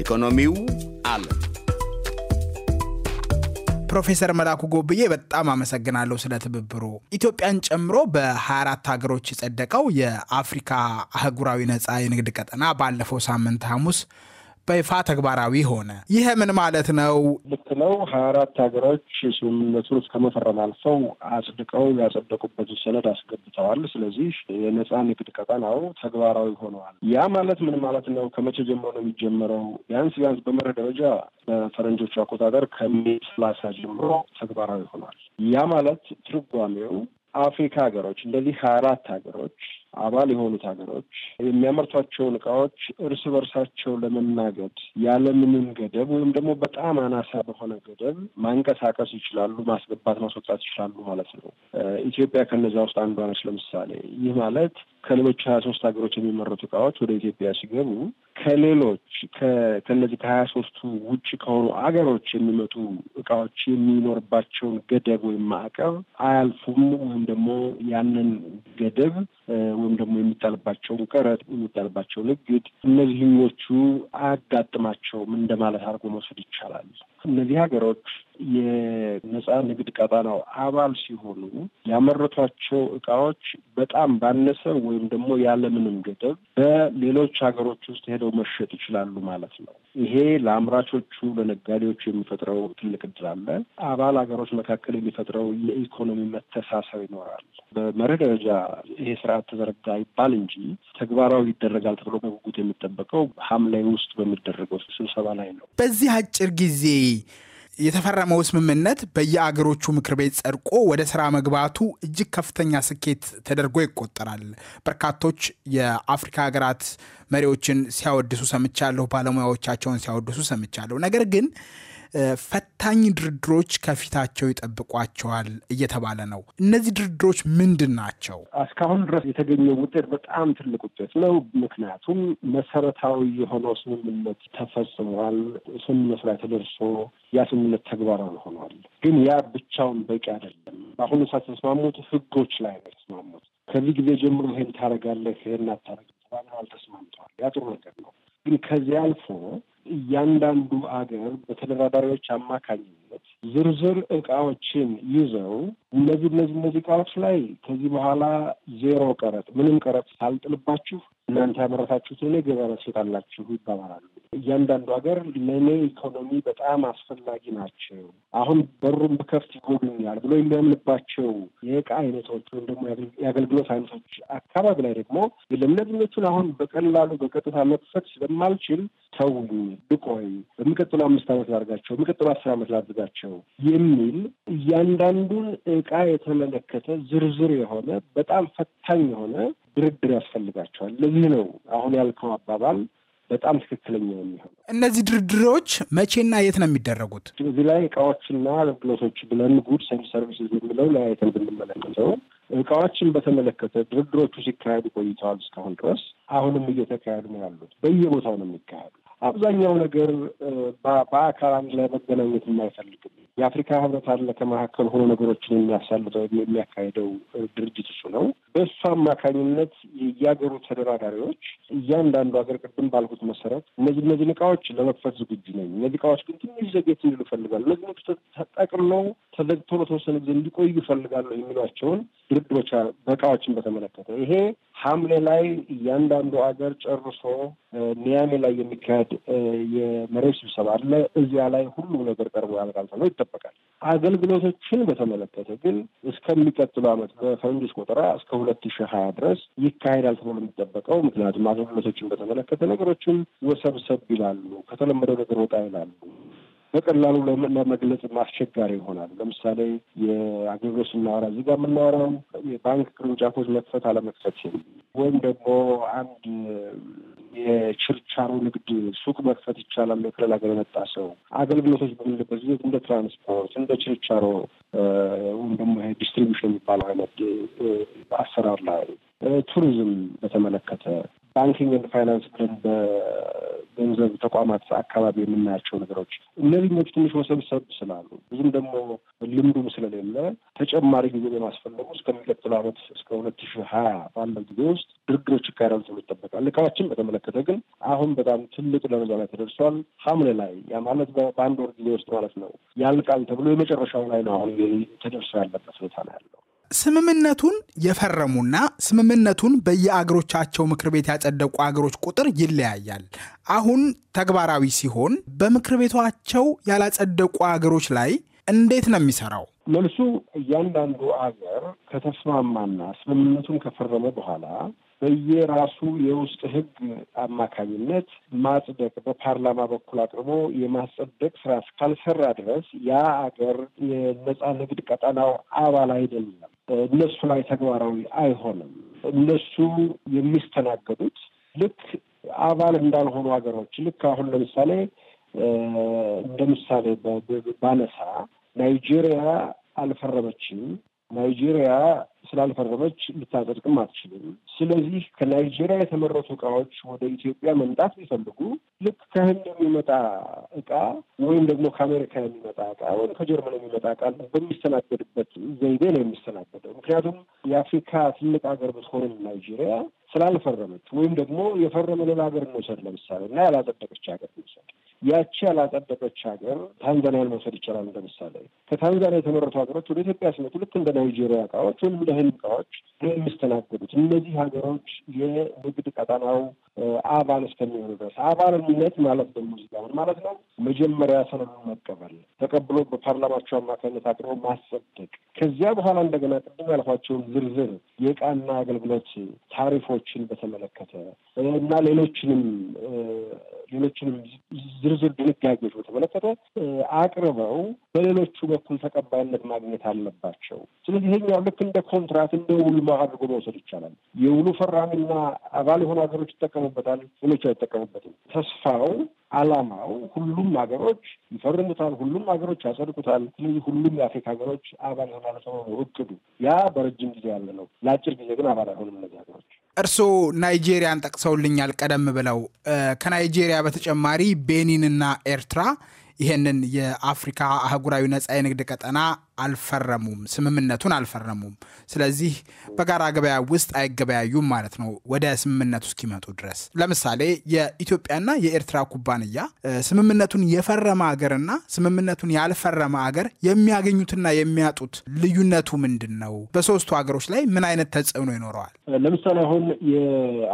ኢኮኖሚው አለ። ፕሮፌሰር መላኩ ጎብዬ በጣም አመሰግናለሁ ስለ ትብብሩ። ኢትዮጵያን ጨምሮ በ24 ሀገሮች የጸደቀው የአፍሪካ አህጉራዊ ነፃ የንግድ ቀጠና ባለፈው ሳምንት ሐሙስ በይፋ ተግባራዊ ሆነ። ይህ ምን ማለት ነው? ልክ ነው። ሀያ አራት ሀገሮች ስምምነቱን ከመፈረም አልፈው አጽድቀው ያጸደቁበትን ሰነድ አስገብተዋል። ስለዚህ የነጻ ንግድ ቀጠናው ተግባራዊ ሆነዋል። ያ ማለት ምን ማለት ነው? ከመቼ ጀምሮ ነው የሚጀመረው? ቢያንስ ቢያንስ በመርህ ደረጃ በፈረንጆቹ አቆጣጠር ከሜይ ሰላሳ ጀምሮ ተግባራዊ ሆኗል። ያ ማለት ትርጓሜው አፍሪካ ሀገሮች እንደዚህ ሀያ አራት ሀገሮች አባል የሆኑት ሀገሮች የሚያመርቷቸውን እቃዎች እርስ በርሳቸው ለመናገድ ያለምንም ገደብ ወይም ደግሞ በጣም አናሳ በሆነ ገደብ ማንቀሳቀስ ይችላሉ፣ ማስገባት ማስወጣት ይችላሉ ማለት ነው። ኢትዮጵያ ከነዛ ውስጥ አንዷ ነች። ለምሳሌ ይህ ማለት ከሌሎች ሀያ ሶስት ሀገሮች የሚመረቱ እቃዎች ወደ ኢትዮጵያ ሲገቡ ከሌሎች ከነዚህ ከሀያ ሶስቱ ውጭ ከሆኑ አገሮች የሚመጡ እቃዎች የሚኖርባቸውን ገደብ ወይም ማዕቀብ አያልፉም ወይም ደግሞ ያንን ገደብ ወይም ደግሞ የሚጣልባቸውን ቀረጥ የሚጣልባቸው ንግድ እነዚህኞቹ አያጋጥማቸውም እንደማለት አድርጎ መውሰድ ይቻላል። እነዚህ ሀገሮች የነጻ ንግድ ቀጠናው አባል ሲሆኑ ያመረቷቸው እቃዎች በጣም ባነሰ ወይም ደግሞ ያለምንም ገደብ በሌሎች ሀገሮች ውስጥ ሄደው መሸጥ ይችላሉ ማለት ነው። ይሄ ለአምራቾቹ ለነጋዴዎቹ የሚፈጥረው ትልቅ እድል አለ። አባል ሀገሮች መካከል የሚፈጥረው የኢኮኖሚ መተሳሰብ ይኖራል። በመርህ ደረጃ ይሄ ስርዓት ተዘረጋ ይባል እንጂ ተግባራዊ ይደረጋል ተብሎ በጉጉት የሚጠበቀው ሐምሌ ውስጥ በሚደረገው ስብሰባ ላይ ነው። በዚህ አጭር ጊዜ የተፈረመው ስምምነት በየአገሮቹ ምክር ቤት ጸድቆ ወደ ስራ መግባቱ እጅግ ከፍተኛ ስኬት ተደርጎ ይቆጠራል። በርካቶች የአፍሪካ ሀገራት መሪዎችን ሲያወድሱ ሰምቻለሁ፣ ባለሙያዎቻቸውን ሲያወድሱ ሰምቻለሁ። ነገር ግን ፈታኝ ድርድሮች ከፊታቸው ይጠብቋቸዋል እየተባለ ነው። እነዚህ ድርድሮች ምንድን ናቸው? እስካሁን ድረስ የተገኘው ውጤት በጣም ትልቅ ውጤት ነው። ምክንያቱም መሰረታዊ የሆነው ስምምነት ተፈጽሟል። ስምምነት ላይ ተደርሶ ያ ስምምነት ተግባራዊ ሆኗል። ግን ያ ብቻውን በቂ አይደለም። በአሁኑ ሰዓት ተስማሙት ህጎች ላይ ነው የተስማሙት። ከዚህ ጊዜ ጀምሮ ይህን ታደርጋለህ፣ ይህን አታደርግም ተባለ፣ አልተስማምተዋል። ያ ጥሩ ነገር ነው። ግን ከዚህ አልፎ እያንዳንዱ አገር በተደራዳሪዎች አማካኝነት አለበት። ዝርዝር እቃዎችን ይዘው እነዚህ እነዚህ እነዚህ እቃዎች ላይ ከዚህ በኋላ ዜሮ ቀረጥ፣ ምንም ቀረጥ ሳልጥልባችሁ እናንተ ያመረታችሁትን እኔ ገበያ መስጣላችሁ ይባባላሉ። እያንዳንዱ ሀገር ለእኔ ኢኮኖሚ በጣም አስፈላጊ ናቸው፣ አሁን በሩን ብከፍት ይጎብኛል ብሎ የሚያምንባቸው የእቃ አይነቶች ወይም ደግሞ የአገልግሎት አይነቶች አካባቢ ላይ ደግሞ ለምነትነቱን አሁን በቀላሉ በቀጥታ መክፈት ስለማልችል ተውኝ፣ ብቆይ፣ በሚቀጥሉ አምስት ዓመት ላድርጋቸው፣ በሚቀጥሉ አስር ዓመት ላድርጋቸው ናቸው የሚል እያንዳንዱን እቃ የተመለከተ ዝርዝር የሆነ በጣም ፈታኝ የሆነ ድርድር ያስፈልጋቸዋል። ለዚህ ነው አሁን ያልከው አባባል በጣም ትክክለኛ የሚሆነው። እነዚህ ድርድሮች መቼና የት ነው የሚደረጉት? እዚህ ላይ እቃዎችና አገልግሎቶች ብለን ጉድስ ኤንድ ሰርቪስስ የሚለው ለያየተን ብንመለከተው እቃዎችን በተመለከተ ድርድሮቹ ሲካሄዱ ቆይተዋል እስካሁን ድረስ አሁንም እየተካሄዱ ነው ያሉት። በየቦታው ነው የሚካሄዱ። አብዛኛው ነገር በአካል አንድ ላይ መገናኘት የማይፈልግም የአፍሪካ ህብረት አለ ከመካከል ሆኖ ነገሮችን የሚያሳልጠው የሚያካሄደው ድርጅት እሱ ነው። በእሱ አማካኝነት የየሀገሩ ተደራዳሪዎች እያንዳንዱ ሀገር ቅድም ባልኩት መሰረት እነዚህ እነዚህ እቃዎች ለመክፈት ዝግጁ ነኝ፣ እነዚህ እቃዎች ግን ትንሽ ዘጌት እንዲሉ ይፈልጋሉ፣ እነዚህ ኖች ተጠቅለው ተዘግቶ ለተወሰነ ጊዜ እንዲቆዩ ይፈልጋሉ የሚሏቸውን ድርድሮች በእቃዎችን በተመለከተ ይሄ ሐምሌ ላይ እያንዳንዱ ሀገር ጨርሶ ኒያሜ ላይ የሚካሄድ የመሪዎች ስብሰባ አለ። እዚያ ላይ ሁሉም ነገር ቀርቦ ያልቃል ተብሎ ይጠበቃል። አገልግሎቶችን በተመለከተ ግን እስከሚቀጥሉ ዓመት በፈረንጆች ቆጠራ እስከ ሁለት ሺህ ሀያ ድረስ ይካሄዳል ተብሎ የሚጠበቀው ምክንያቱም አገልግሎቶችን በተመለከተ ነገሮችን ወሰብሰብ ይላሉ፣ ከተለመደው ነገር ወጣ ይላሉ። በቀላሉ ለመግለጽ አስቸጋሪ ይሆናል። ለምሳሌ የአገልግሎት ስናወራ እዚህ ጋር የምናወራው የባንክ ቅርንጫፎች መክፈት አለመክፈት ወይም ደግሞ አንድ የችርቻሮ ንግድ ሱቅ መክፈት ይቻላል። ከሌላ ሀገር የመጣ ሰው አገልግሎቶች በምንልበት ጊዜ እንደ ትራንስፖርት፣ እንደ ችርቻሮ ወይም ደግሞ ዲስትሪቢሽን የሚባለው አይነት አሰራር ላይ ቱሪዝም በተመለከተ ባንኪንግ ፋይናንስ ብለን ገንዘብ ተቋማት አካባቢ የምናያቸው ነገሮች እነዚህ እነዚህ ትንሽ ወሰብሰብ ስላሉ ብዙም ደግሞ ልምዱም ስለሌለ ተጨማሪ ጊዜ በማስፈለጉ እስከሚቀጥለው አመት እስከ ሁለት ሺ ሀያ ባለው ጊዜ ውስጥ ድርድሮች ይካሄዳሉ ተብሎ ይጠበቃል። እቃዎችን በተመለከተ ግን አሁን በጣም ትልቅ ደረጃ ላይ ተደርሷል። ሐምሌ ላይ ያ ማለት በአንድ ወር ጊዜ ውስጥ ማለት ነው ያልቃል ተብሎ የመጨረሻው ላይ ነው አሁን ተደርሶ ያለበት ሁኔታ ነው ያለው። ስምምነቱን የፈረሙና ስምምነቱን በየአገሮቻቸው ምክር ቤት ያጸደቁ አገሮች ቁጥር ይለያያል። አሁን ተግባራዊ ሲሆን በምክር ቤቷቸው ያላጸደቁ አገሮች ላይ እንዴት ነው የሚሰራው? መልሱ እያንዳንዱ አገር ከተስማማና ስምምነቱን ከፈረመ በኋላ በየራሱ የውስጥ ህግ አማካኝነት ማጽደቅ በፓርላማ በኩል አቅርቦ የማጸደቅ ስራ እስካልሰራ ድረስ ያ አገር የነፃ ንግድ ቀጠናው አባል አይደለም። እነሱ ላይ ተግባራዊ አይሆንም። እነሱ የሚስተናገዱት ልክ አባል እንዳልሆኑ ሀገሮች ልክ አሁን ለምሳሌ እንደ ምሳሌ ባነሳ ናይጄሪያ አልፈረመችም። ናይጄሪያ ስላልፈረመች ልታጸድቅም አትችልም። ስለዚህ ከናይጄሪያ የተመረቱ እቃዎች ወደ ኢትዮጵያ መምጣት ቢፈልጉ ልክ ከህንድ የሚመጣ እቃ ወይም ደግሞ ከአሜሪካ የሚመጣ እቃ ወይም ከጀርመን የሚመጣ እቃ በሚስተናገድበት ዘይቤ ነው የሚስተናገደው። ምክንያቱም የአፍሪካ ትልቅ ሀገር ብትሆንም ናይጄሪያ ስላልፈረመች ወይም ደግሞ የፈረመ ሌላ ሀገር እንውሰድ ለምሳሌ እና ያላጸደቀች ሀገር እንውሰድ ያቺ ያላጸደቀች ሀገር ታንዛኒያን መውሰድ ይቻላል። እንደምሳሌ ከታንዛኒያ የተመረቱ ሀገሮች ወደ ኢትዮጵያ ሲመጡ ልክ እንደ ናይጄሪያ እቃዎች ወይም እንደ ህንድ እቃዎች የሚስተናገዱት እነዚህ ሀገሮች የንግድ ቀጠናው አባል እስከሚሆኑ ድረስ አባልነት ማለት ደግሞ ምን ማለት ነው? መጀመሪያ ሰነዱን መቀበል፣ ተቀብሎ በፓርላማቸው አማካኝነት አቅርቦ ማጸደቅ፣ ከዚያ በኋላ እንደገና ቅድም ያልኳቸውን ዝርዝር የእቃና አገልግሎት ታሪፎችን በተመለከተ እና ሌሎችንም ሌሎችንም ዝርዝር ድንጋጌዎች በተመለከተ አቅርበው በሌሎቹ በኩል ተቀባይነት ማግኘት አለባቸው። ስለዚህ ይሄኛው ልክ እንደ ኮንትራት እንደ ውሉ አድርጎ መውሰድ ይቻላል። የውሉ ፈራሚና አባል የሆኑ ሀገሮች ይጠቀሙበታል፣ ሌሎች አይጠቀሙበትም። ተስፋው ዓላማው ሁሉም ሀገሮች ይፈርሙታል፣ ሁሉም ሀገሮች ያጸድቁታል። ስለዚህ ሁሉም የአፍሪካ ሀገሮች አባል ይሆናሉ ተብሎ ነው እቅዱ። ያ በረጅም ጊዜ ያለ ነው። ለአጭር ጊዜ ግን አባል አይሆንም እነዚህ ሀገሮች። እርስዎ ናይጄሪያን ጠቅሰውልኛል ቀደም ብለው። ከናይጄሪያ በተጨማሪ ቤኒንና ኤርትራ ይህንን የአፍሪካ አህጉራዊ ነፃ የንግድ ቀጠና አልፈረሙም፣ ስምምነቱን አልፈረሙም። ስለዚህ በጋራ ገበያ ውስጥ አይገበያዩም ማለት ነው ወደ ስምምነቱ እስኪመጡ ድረስ። ለምሳሌ የኢትዮጵያና የኤርትራ ኩባንያ ስምምነቱን የፈረመ አገርና ስምምነቱን ያልፈረመ አገር የሚያገኙትና የሚያጡት ልዩነቱ ምንድን ነው? በሶስቱ ሀገሮች ላይ ምን አይነት ተጽዕኖ ይኖረዋል? ለምሳሌ አሁን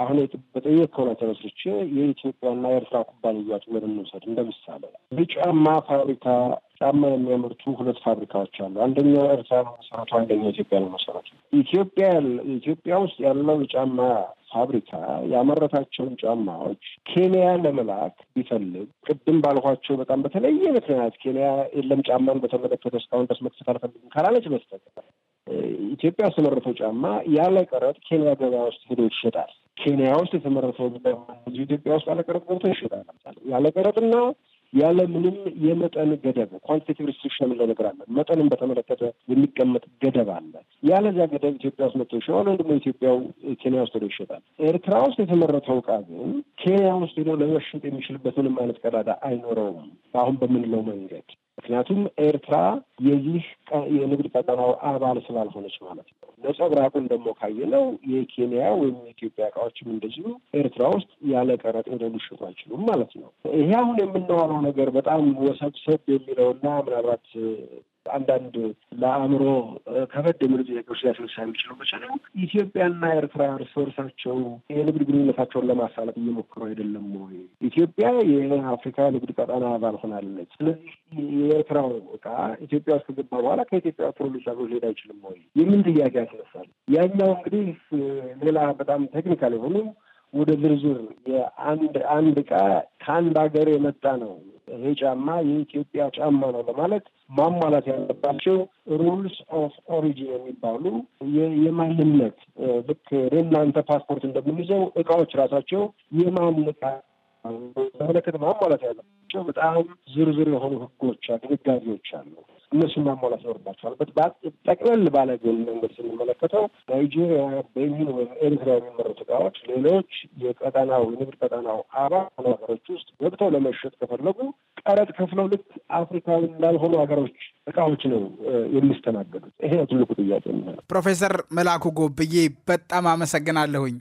አሁን በጠየቅ ከሆነ ተመስርቼ የኢትዮጵያና የኤርትራ ኩባንያ ጭምር እንውሰድ እንደምሳሌ የጫማ ፋብሪካ ጫማ የሚያመርቱ ሁለት ፋብሪካዎች አሉ። አንደኛው ኤርትራ ነው መሰረቱ፣ አንደኛው ኢትዮጵያ ነው መሰረቱ። ኢትዮጵያ ኢትዮጵያ ውስጥ ያለው ጫማ ፋብሪካ ያመረታቸውን ጫማዎች ኬንያ ለመላክ ቢፈልግ ቅድም ባልኋቸው በጣም በተለየ ምክንያት ኬንያ የለም ጫማን በተመለከተ እስካሁን ድረስ መክሰት አልፈልግም ካላለች በስተቀር ኢትዮጵያ ያስመረተው ጫማ ያለ ቀረጥ ኬንያ ገበያ ውስጥ ሄዶ ይሸጣል። ኬንያ ውስጥ የተመረተው ኢትዮጵያ ውስጥ ያለ ቀረጥ ገብቶ ይሸጣል። ያለ ቀረጥና ያለ ምንም የመጠን ገደብ ኳንቲቲቭ ሪስትሪክሽን የምንለው ነገር አለ። መጠንም በተመለከተ የሚቀመጥ ገደብ አለ። ያለዚያ ገደብ ኢትዮጵያ ውስጥ መጥቶ ይሸጣል፣ ወይም ደግሞ ኢትዮጵያው ኬንያ ውስጥ ሄዶ ይሸጣል። ኤርትራ ውስጥ የተመረተው እቃ ግን ኬንያ ውስጥ ሄዶ ለመሸጥ የሚችልበት ምንም አይነት ቀዳዳ አይኖረውም። አሁን በምንለው መንገድ ምክንያቱም ኤርትራ የዚህ የንግድ ቀጠናው አባል ስላልሆነች ማለት ነው። ነጸብራቁን ደግሞ ካየነው የኬንያ ወይም የኢትዮጵያ እቃዎችም እንደዚሁ ኤርትራ ውስጥ ያለ ቀረጥ ሄደው ሊሸጡ አይችሉም ማለት ነው። ይሄ አሁን የምናዋለው ነገር በጣም ወሰብሰብ የሚለውና ምናልባት አንዳንድ ለአእምሮ ከበድ የሚሉ ጥያቄዎች ሊያስነሳ የሚችሉ መቻለ ኢትዮጵያና ኤርትራ እርስ በርሳቸው የንግድ ግንኙነታቸውን ለማሳለጥ እየሞከሩ አይደለም ወይ? ኢትዮጵያ የአፍሪካ ንግድ ቀጠና አባል ሆናለች። ስለዚህ የኤርትራው እቃ ኢትዮጵያ ውስጥ ከገባ በኋላ ከኢትዮጵያ ወጥሮ ሌሎች ሊሄድ አይችልም ወይ? የምን ጥያቄ ያስነሳል። ያኛው እንግዲህ ሌላ በጣም ቴክኒካል የሆኑ ወደ ዝርዝር የአንድ አንድ ዕቃ ከአንድ ሀገር የመጣ ነው ይሄ ጫማ የኢትዮጵያ ጫማ ነው ለማለት ማሟላት ያለባቸው ሩልስ ኦፍ ኦሪጂን የሚባሉ የማንነት ልክ እናንተ ፓስፖርት እንደምንይዘው እቃዎች ራሳቸው የማን በመለከት ማሟላት ያለባቸው በጣም ዝርዝር የሆኑ ሕጎች ድንጋጌዎች አሉ። እነሱን ማሟላት ይኖርባቸዋል። ጠቅለል ባለ ግን መንገድ ስንመለከተው ናይጄሪያ በሚን ወይም ኤርትራ የሚመረቱ እቃዎች ሌሎች የቀጠናው የንግድ ቀጠናው አባል ሀገሮች ውስጥ ገብተው ለመሸጥ ከፈለጉ ቀረጥ ከፍለው ልክ አፍሪካዊ እንዳልሆኑ ሀገሮች እቃዎች ነው የሚስተናገዱት። ይሄ ነው ትልቁ ጥያቄ ፕሮፌሰር መላኩ ጎብዬ በጣም አመሰግናለሁኝ።